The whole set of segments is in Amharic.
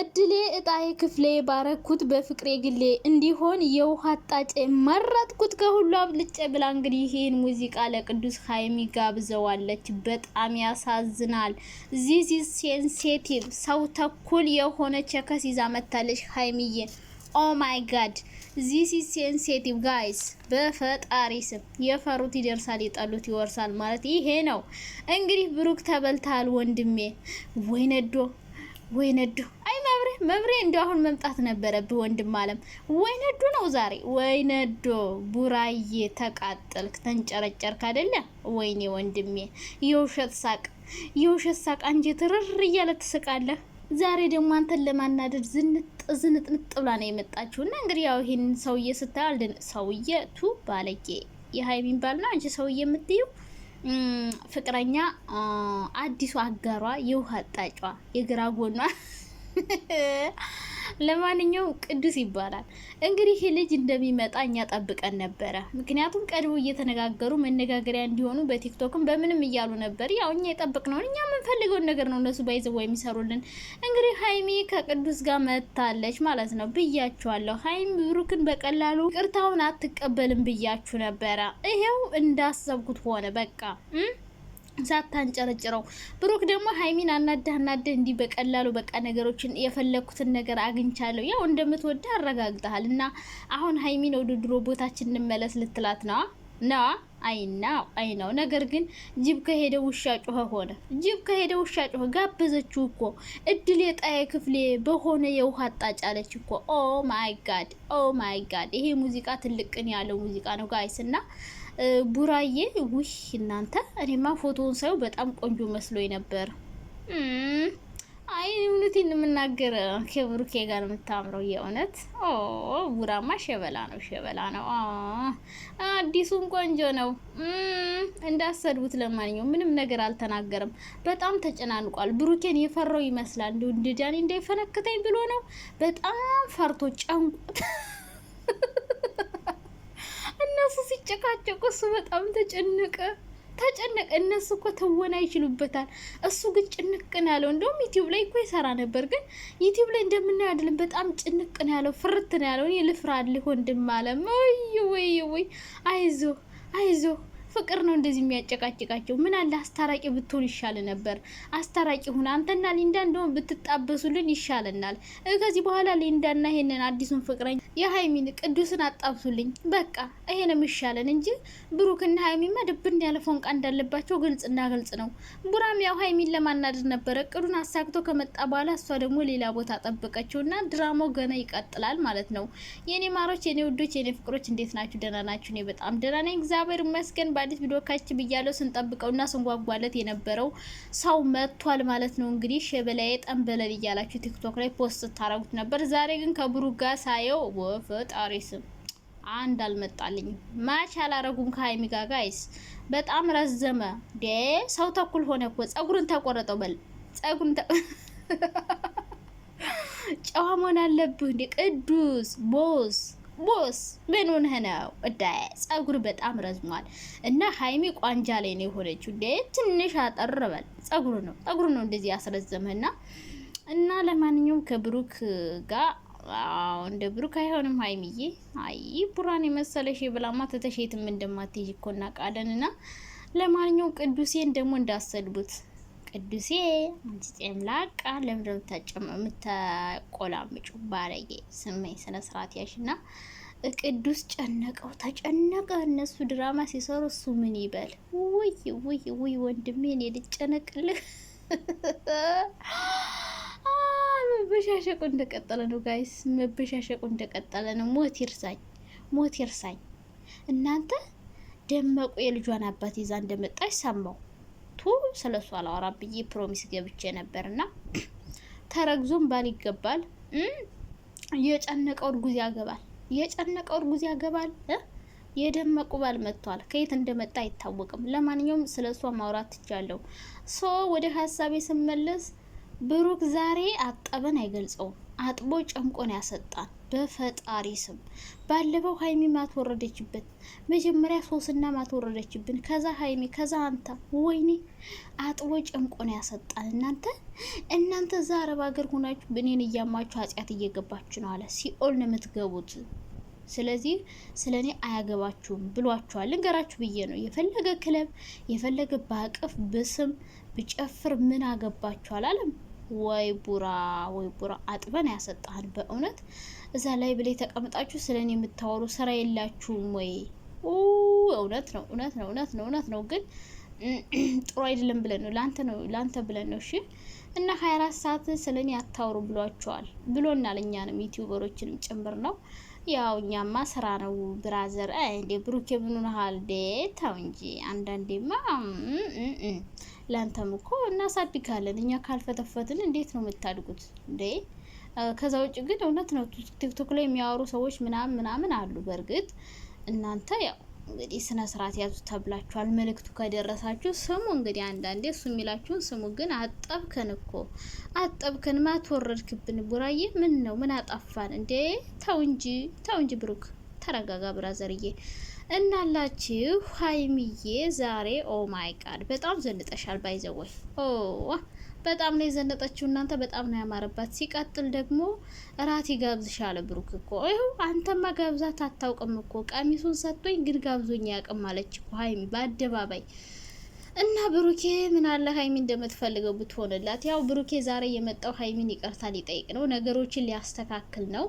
እድሌ እጣዬ ክፍሌ ባረኩት በፍቅሬ ግሌ እንዲሆን የውሃ አጣጬ መረጥኩት ከሁሉ አብልጬ ብላ እንግዲህ ይህን ሙዚቃ ለቅዱስ ሀይሚ ጋብዘዋለች። በጣም ያሳዝናል። ዚዚ ሴንሴቲቭ ሰው ተኩል የሆነች ቸከስ ይዛ መታለች ሀይሚዬ። ኦ ማይ ጋድ ዚሲ ሴንሴቲቭ ጋይስ። በፈጣሪ ስም የፈሩት ይደርሳል፣ የጠሉት ይወርሳል ማለት ይሄ ነው። እንግዲህ ብሩክ ተበልታል ወንድሜ። ወይ ነዶ ወይ ነዶ መብሬ እንዲ አሁን መምጣት ነበረብህ ወንድም አለም። ወይ ነዶ ነው ዛሬ፣ ወይ ነዶ ቡራዬ፣ ተቃጠልክ፣ ተንጨረጨርክ አደለ? ወይኔ ወንድሜ፣ የውሸት ሳቅ፣ የውሸት ሳቅ፣ አንጀት ርር እያለ ትስቃለህ። ዛሬ ደግሞ አንተን ለማናደድ ዝንጥ ዝንጥንጥ ብላ ነው የመጣችሁ እና እንግዲህ ያው ይህን ሰውዬ ስታያል፣ ሰውዬ ቱ ባለጌ የሀይሚን ባል ነው አንቺ ሰውዬ የምትዩ ፍቅረኛ አዲሱ አጋሯ የውሃ ጣጯ የግራ ጎኗ ለማንኛው ቅዱስ ይባላል እንግዲህ ይህ ልጅ እንደሚመጣ እኛ ጠብቀን ነበረ። ምክንያቱም ቀድሞ እየተነጋገሩ መነጋገሪያ እንዲሆኑ በቲክቶክም በምንም እያሉ ነበር። ያው እኛ የጠበቅነውን እኛ የምንፈልገውን ነገር ነው እነሱ ባይዘው የሚሰሩልን። እንግዲህ ሀይሚ ከቅዱስ ጋር መታለች ማለት ነው ብያችኋለሁ። ሀይሚ ብሩክን በቀላሉ ቅርታውን አትቀበልም ብያችሁ ነበረ። ይሄው እንዳሰብኩት ሆነ በቃ ሳታንጨረጭረው ብሩክ ደግሞ ሀይሚን አናደህ አናደህ እንዲህ በቀላሉ በቃ ነገሮችን የፈለግኩትን ነገር አግኝቻለሁ ያው እንደምትወደ አረጋግጠሃል እና አሁን ሀይሚን ወደ ድሮ ቦታችን እንመለስ ልትላት ነዋ ነዋ አይና አይ ነው። ነገር ግን ጅብ ከሄደ ውሻ ጮኸ ሆነ። ጅብ ከሄደ ውሻ ጮኸ። ጋበዘችው እኮ እድል የጣየ ክፍሌ በሆነ የውሃ አጣጭ አለች እኮ። ኦ ማይ ጋድ ኦ ማይ ጋድ! ይሄ ሙዚቃ ትልቅን ያለው ሙዚቃ ነው ጋይስ እና ቡራዬ ውህ እናንተ እኔማ ፎቶውን ሳየው በጣም ቆንጆ መስሎኝ ነበር። አይ እውነቴን የምናገር ከብሩኬ ጋር የምታምረው የእውነት ቡራማ ሸበላ ነው፣ ሸበላ ነው። አዲሱም ቆንጆ ነው። እንዳሰድቡት ለማንኛውም ምንም ነገር አልተናገርም። በጣም ተጨናንቋል። ብሩኬን የፈራው ይመስላል። እንዲሁ እንደ ዳኒ እንዳይፈነክተኝ ብሎ ነው። በጣም ፈርቶ ጨንቆት እነሱ ሲጨቃጨቁ እሱ በጣም ተጨነቀ ተጨነቀ። እነሱ እኮ ትወና ይችሉበታል። እሱ ግን ጭንቅ ነው ያለው። እንደውም ዩቲዩብ ላይ እኮ ይሰራ ነበር፣ ግን ዩቲዩብ ላይ እንደምናየው አይደለም። በጣም ጭንቅ ነው ያለው፣ ፍርት ነው ያለው። እኔ ልፍራልህ ወንድም አለ ወይ ወይ ወይ፣ አይዞ አይዞ ፍቅር ነው እንደዚህ የሚያጨቃጭቃቸው። ምን አለ አስታራቂ ብትሆን ይሻል ነበር። አስታራቂ ሁን አንተና ሊንዳ እንደውም ብትጣበሱልን ይሻለናል። ከዚህ በኋላ ሊንዳና ይሄንን አዲሱን ፍቅረኝ የሀይሚን ቅዱስን አጣብሱልኝ። በቃ ይሄ ነው የሚሻለን እንጂ ብሩክና ሀይሚማ ድብን ያለ ፎንቃ እንዳለባቸው ግልጽና ግልጽ ነው። ቡራም ያው ሀይሚን ለማናደድ ነበረ እቅዱን አሳክቶ ከመጣ በኋላ እሷ ደግሞ ሌላ ቦታ ጠበቀችው እና ድራማው ገና ይቀጥላል ማለት ነው። የኔ ማሮች፣ የኔ ውዶች፣ የኔ ፍቅሮች እንዴት ናችሁ? ደህና ናችሁ? እኔ በጣም ደህና ነኝ፣ እግዚአብሔር ይመስገን። በአዲስ ቪዲዮ ካች ብያለው። ስንጠብቀውና ስንጓጓለት የነበረው ሰው መጥቷል ማለት ነው። እንግዲህ ሸበላዬ ጠንበለል እያላችሁ ቲክቶክ ላይ ፖስት ስታረጉት ነበር። ዛሬ ግን ከብሩ ጋር ሳየው ወፈጣሪ ስም አንድ አልመጣልኝ። ማች አላረጉም ከሀይሚ ጋር ጋይስ። በጣም ረዘመ ዴ ሰው ተኩል ሆነ እኮ ጸጉርን ተቆረጠው። በል ጸጉርን ጨዋ መሆን አለብህ እንዴ ቅዱስ ቦስ ቦስ ምን ሆነህ ነው? እዳ ጸጉር በጣም ረዝሟል እና ሀይሚ ቋንጃ ላይ ነው የሆነችው። እንደ ትንሽ አጠር በል ጸጉር ነው ጸጉር ነው እንደዚህ ያስረዘምህና እና ለማንኛውም ከብሩክ ጋር አዎ እንደ ብሩክ አይሆንም ሀይሚዬ። አይ ቡራን የመሰለሽ ብላማ ተተሸትም እንደማትሄጂ እኮ እናውቃለን። እና ለማንኛውም ቅዱሴን ደግሞ እንዳሰድቡት ቅዱሴ አንቺ ጤም ላቃ ለምንድን ነው የምታጨመው ባለጌ ስመኝ ስነ ስርዓት ያሽና ቅዱስ ጨነቀው ተጨነቀ። እነሱ ድራማ ሲሰሩ እሱ ምን ይበል? ውይ ውይ ውይ ወንድሜ እኔ ልጨነቅልህ። መበሻሸቁ እንደቀጠለ ነው ጋይስ፣ መበሻሸቁ እንደቀጠለ ነው። ሞት ይርሳኝ፣ ሞት ይርሳኝ። እናንተ ደመቁ የልጇን አባት ይዛ እንደመጣች ሰማው። ስለ እሱ አላወራ ብዬ ፕሮሚስ ገብቼ ነበርና ተረግዞም ባል ይገባል። የጨነቀው እርጉዝ ያገባል። የጨነቀው እርጉዝ ያገባል። የደመቁ ባል መጥቷል። ከየት እንደመጣ አይታወቅም። ለማንኛውም ስለ እሷ ማውራት ትቻለሁ። ሶ ወደ ሀሳቤ ስመለስ ብሩክ ዛሬ አጠበን አይገልጸውም። አጥቦ ጨምቆን ያሰጣን በፈጣሪ ስም። ባለፈው ሀይሚ ማትወረደችበት መጀመሪያ ሶስና ማትወረደችብን፣ ከዛ ሀይሚ፣ ከዛ አንታ። ወይኔ አጥቦ ጨምቆን ያሰጣን። እናንተ እናንተ እዛ አረብ ሀገር ሆናችሁ ብኔን እያማችሁ ኃጢአት እየገባችሁ ነው አለ። ሲኦል ነው የምትገቡት። ስለዚህ ስለ እኔ አያገባችሁም ብሏችኋል። ልንገራችሁ ብዬ ነው። የፈለገ ክለብ የፈለገ በአቅፍ ብስም ብጨፍር ምን አገባችኋል አለም ወይ ቡራ ወይ ቡራ አጥበን ያሰጣህን በእውነት እዛ ላይ ብለ ተቀምጣችሁ ስለኔ የምታወሩ ስራ የላችሁም ወይ? እውነት ነው እውነት ነው እውነት ነው እውነት ነው። ግን ጥሩ አይደለም ብለን ነው ለአንተ ነው ለአንተ ብለን ነው እሺ። እና ሀያ አራት ሰዓት ስለኔ አታውሩ ብሏቸዋል ብሎናል። እኛንም ዩቲዩበሮችንም ጭምር ነው። ያው እኛማ ስራ ነው ብራዘር። እንዴ ብሩኬ ምን ሆነሃል? እንዴ ተው እንጂ አንዳንዴማ ለአንተም እኮ እናሳድጋለን እኛ ካልፈተፈትን እንዴት ነው የምታድጉት እንዴ? ከዛ ውጭ ግን እውነት ነው ቲክቶክ ላይ የሚያወሩ ሰዎች ምናምን ምናምን አሉ። በእርግጥ እናንተ ያው እንግዲህ ስነ ስርዓት ያዙ ተብላችኋል። መልእክቱ ከደረሳችሁ ስሙ። እንግዲህ አንዳንዴ እሱ የሚላችሁን ስሙ። ግን አጠብከን እኮ አጠብከን፣ ማትወረድክብን ቡራዬ። ምን ነው ምን አጣፋን እንዴ? ተው እንጂ ተው እንጂ ብሩክ ተረጋጋ ብራዘርዬ። እናላችሁ ሀይሚዬ ዛሬ ኦ ማይ ጋድ በጣም ዘንጠሻል። ባይዘወይ ኦ በጣም ነው የዘነጠችው። እናንተ በጣም ነው ያማረባት። ሲቀጥል ደግሞ እራት ይጋብዝሻል ብሩክ እኮ ይሁ አንተማ ጋብዛት አታውቅም እኮ ቀሚሱን ሰጥቶኝ ግን ጋብዞኝ ያቅም አለች እኮ ሀይሚ በአደባባይ እና ብሩኬ ምን አለ ሀይሚ እንደምትፈልገው ብትሆንላት። ያው ብሩኬ ዛሬ የመጣው ሀይሚን ይቅርታ ሊጠይቅ ነው፣ ነገሮችን ሊያስተካክል ነው።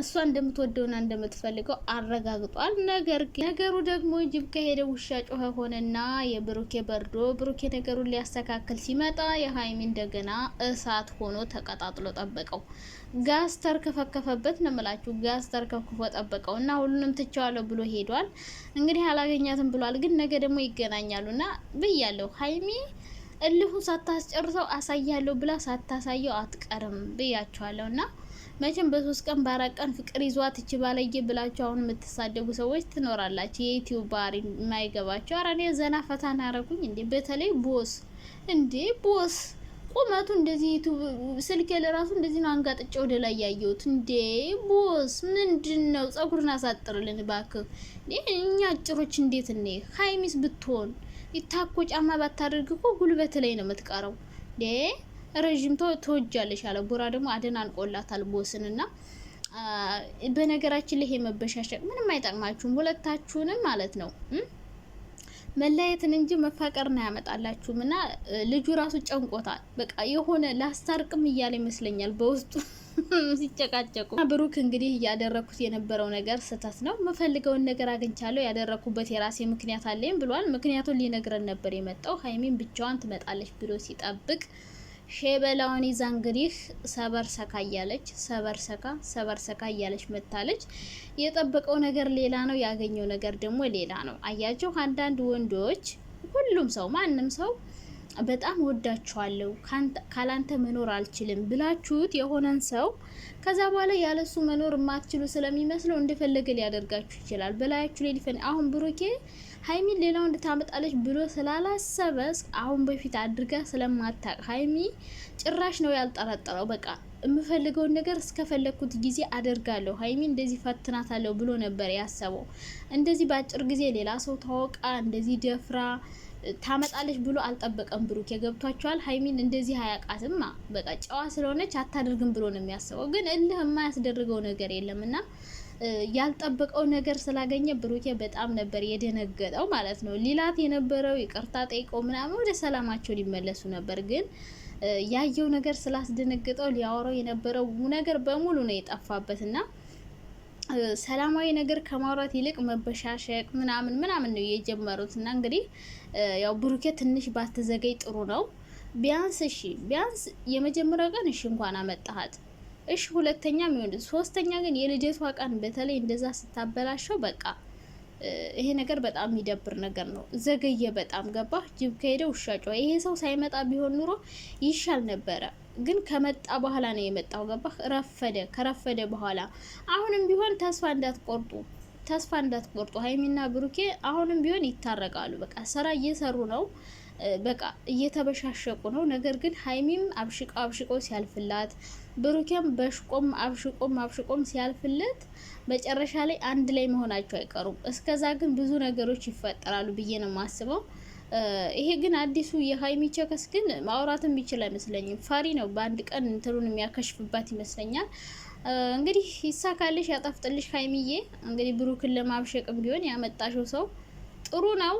እሷ እንደምትወደውና እንደምትፈልገው አረጋግጧል። ነገር ግን ነገሩ ደግሞ ጅብ ከሄደ ውሻ ጮኸ ሆነና የብሩኬ በርዶ ብሩኬ ነገሩን ሊያስተካክል ሲመጣ የሀይሚ እንደገና እሳት ሆኖ ተቀጣጥሎ ጠበቀው። ጋዝ ተርከፈከፈበት ነው የምላችሁ። ጋዝ ተርከፍክፎ ጠበቀው እና ሁሉንም ትቸዋለሁ ብሎ ሄዷል። እንግዲህ አላገኛትም ብሏል። ግን ነገ ደግሞ ይገናኛሉ እና ብያለሁ ሀይሚ እልሁ ሳታስጨርሰው አሳያለሁ ብላ ሳታሳየው አትቀርም ብያቸዋለሁ እና መቼም በሶስት ቀን በአራት ቀን ፍቅር ይዟት እች ባለየ ብላችሁ አሁን የምትሳደቡ ሰዎች ትኖራላችሁ። የዩቲዩብ ባህሪ የማይገባቸው አረ እኔ ዘና ፈታን ያረጉኝ እንዴ! በተለይ ቦስ እንዴ ቦስ ቁመቱ እንደዚህ ዩቱብ ስልኬ ለራሱ እንደዚህ ነው አንጋጥጬ ወደ ላይ ያየሁት። እንዴ ቦስ ምንድን ነው? ጸጉርን አሳጥርልን እባክህ። እኛ አጭሮች እንዴት እኔ ሀይሚስ ብትሆን ይታኮ ጫማ ባታደርግ እኮ ጉልበት ላይ ነው የምትቀረው። ረዥም ተወጃለሽ አለ ቡራ ደግሞ አደናንቆላታል ቦስን እና በነገራችን ላይ ይሄ ምንም አይጠቅማችሁም ሁለታችሁንም ማለት ነው መለየትን እንጂ መፋቀርን አያመጣላችሁም። እና ልጁ ራሱ ጨንቆታል። በቃ የሆነ ላስታርቅም እያለ ይመስለኛል በውስጡ ሲጨቃጨቁ። ብሩክ እንግዲህ እያደረግኩት የነበረው ነገር ስህተት ነው፣ መፈልገውን ነገር አግኝቻለሁ፣ ያደረኩበት የራሴ ምክንያት አለኝ ብሏል። ምክንያቱን ሊነግረን ነበር የመጣው ሀይሚን ብቻዋን ትመጣለች ብሎ ሲጠብቅ ሼበላውን ይዛ እንግዲህ ሰበር ሰካ እያለች ሰበር ሰካ ሰበር ሰካ እያለች መታለች። የጠበቀው ነገር ሌላ ነው፣ ያገኘው ነገር ደግሞ ሌላ ነው። አያቸው አንዳንድ ወንዶች፣ ሁሉም ሰው ማንም ሰው በጣም ወዳችኋለሁ ካላንተ መኖር አልችልም ብላችሁት የሆነን ሰው ከዛ በኋላ ያለሱ መኖር የማትችሉ ስለሚመስለው እንደፈለገ ሊያደርጋችሁ ይችላል። በላያችሁ ላይ ሊፈን አሁን ብሩኬ ሀይሚን ሌላው እንድታመጣለች ብሎ ስላላሰበ አሁን በፊት አድርጋ ስለማታቅ ሀይሚ ጭራሽ ነው ያልጠረጠረው። በቃ የምፈልገውን ነገር እስከፈለግኩት ጊዜ አደርጋለሁ፣ ሀይሚ እንደዚህ ፈትናታለሁ ብሎ ነበር ያሰበው። እንደዚህ በአጭር ጊዜ ሌላ ሰው ታወቃ እንደዚህ ደፍራ ታመጣለች ብሎ አልጠበቀም። ብሩክ የገብቷቸዋል። ሀይሚን እንደዚህ አያውቃትማ። በቃ ጨዋ ስለሆነች አታደርግም ብሎ ነው የሚያስበው። ግን እልህ የማያስደርገው ነገር የለም እና ያልጠበቀው ነገር ስላገኘ ብሩኬ በጣም ነበር የደነገጠው ማለት ነው። ሊላት የነበረው ይቅርታ ጠይቆ ምናምን ወደ ሰላማቸው ሊመለሱ ነበር ግን ያየው ነገር ስላስደነግጠው ሊያወራው የነበረው ነገር በሙሉ ነው የጠፋበት ና ሰላማዊ ነገር ከማውራት ይልቅ መበሻሸቅ ምናምን ምናምን ነው የጀመሩት። እና እንግዲህ ያው ብሩኬ ትንሽ ባትዘገይ ጥሩ ነው። ቢያንስ እሺ ቢያንስ የመጀመሪያው ቀን እሺ እንኳን አመጣሃት እሺ ሁለተኛ የሚሆን ሶስተኛ ግን የልደቷ ቀን በተለይ እንደዛ ስታበላሸው በቃ ይሄ ነገር በጣም የሚደብር ነገር ነው። ዘገየ በጣም ገባ። ጅብ ከሄደ ውሻ ጮኸ። ይሄ ሰው ሳይመጣ ቢሆን ኑሮ ይሻል ነበረ። ግን ከመጣ በኋላ ነው የመጣው። ገባ። ረፈደ። ከረፈደ በኋላ አሁንም ቢሆን ተስፋ እንዳትቆርጡ ተስፋ እንዳትቆርጡ። ሀይሚና ብሩኬ አሁንም ቢሆን ይታረቃሉ። በቃ ስራ እየሰሩ ነው። በቃ እየተበሻሸቁ ነው። ነገር ግን ሀይሚም አብሽቆ አብሽቆ ሲያልፍላት፣ ብሩኬም በሽቆም አብሽቆም አብሽቆም ሲያልፍለት መጨረሻ ላይ አንድ ላይ መሆናቸው አይቀሩም። እስከዛ ግን ብዙ ነገሮች ይፈጠራሉ ብዬ ነው የማስበው። ይሄ ግን አዲሱ የሀይሚ ቸከስ ግን ማውራትም የሚችል አይመስለኝም። ፈሪ ነው። በአንድ ቀን እንትኑን የሚያከሽፍባት ይመስለኛል። እንግዲህ ይሳካልሽ፣ ያጣፍጥልሽ ሀይሚዬ። እንግዲህ ብሩክን ለማብሸቅም ቢሆን ያመጣሽው ሰው ጥሩ ነው።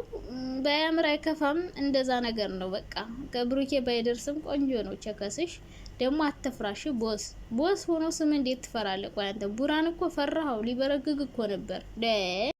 በያምር አይከፋም። እንደዛ ነገር ነው በቃ ከብሩኬ ባይደርስም ቆንጆ ነው። ቸከስሽ ደግሞ አተፍራሽ ቦስ ቦስ ሆኖ ስም እንዴት ትፈራለህ? ቆይ አንተ ቡራን እኮ ፈራኸው። ሊበረግግ እኮ ነበር ደ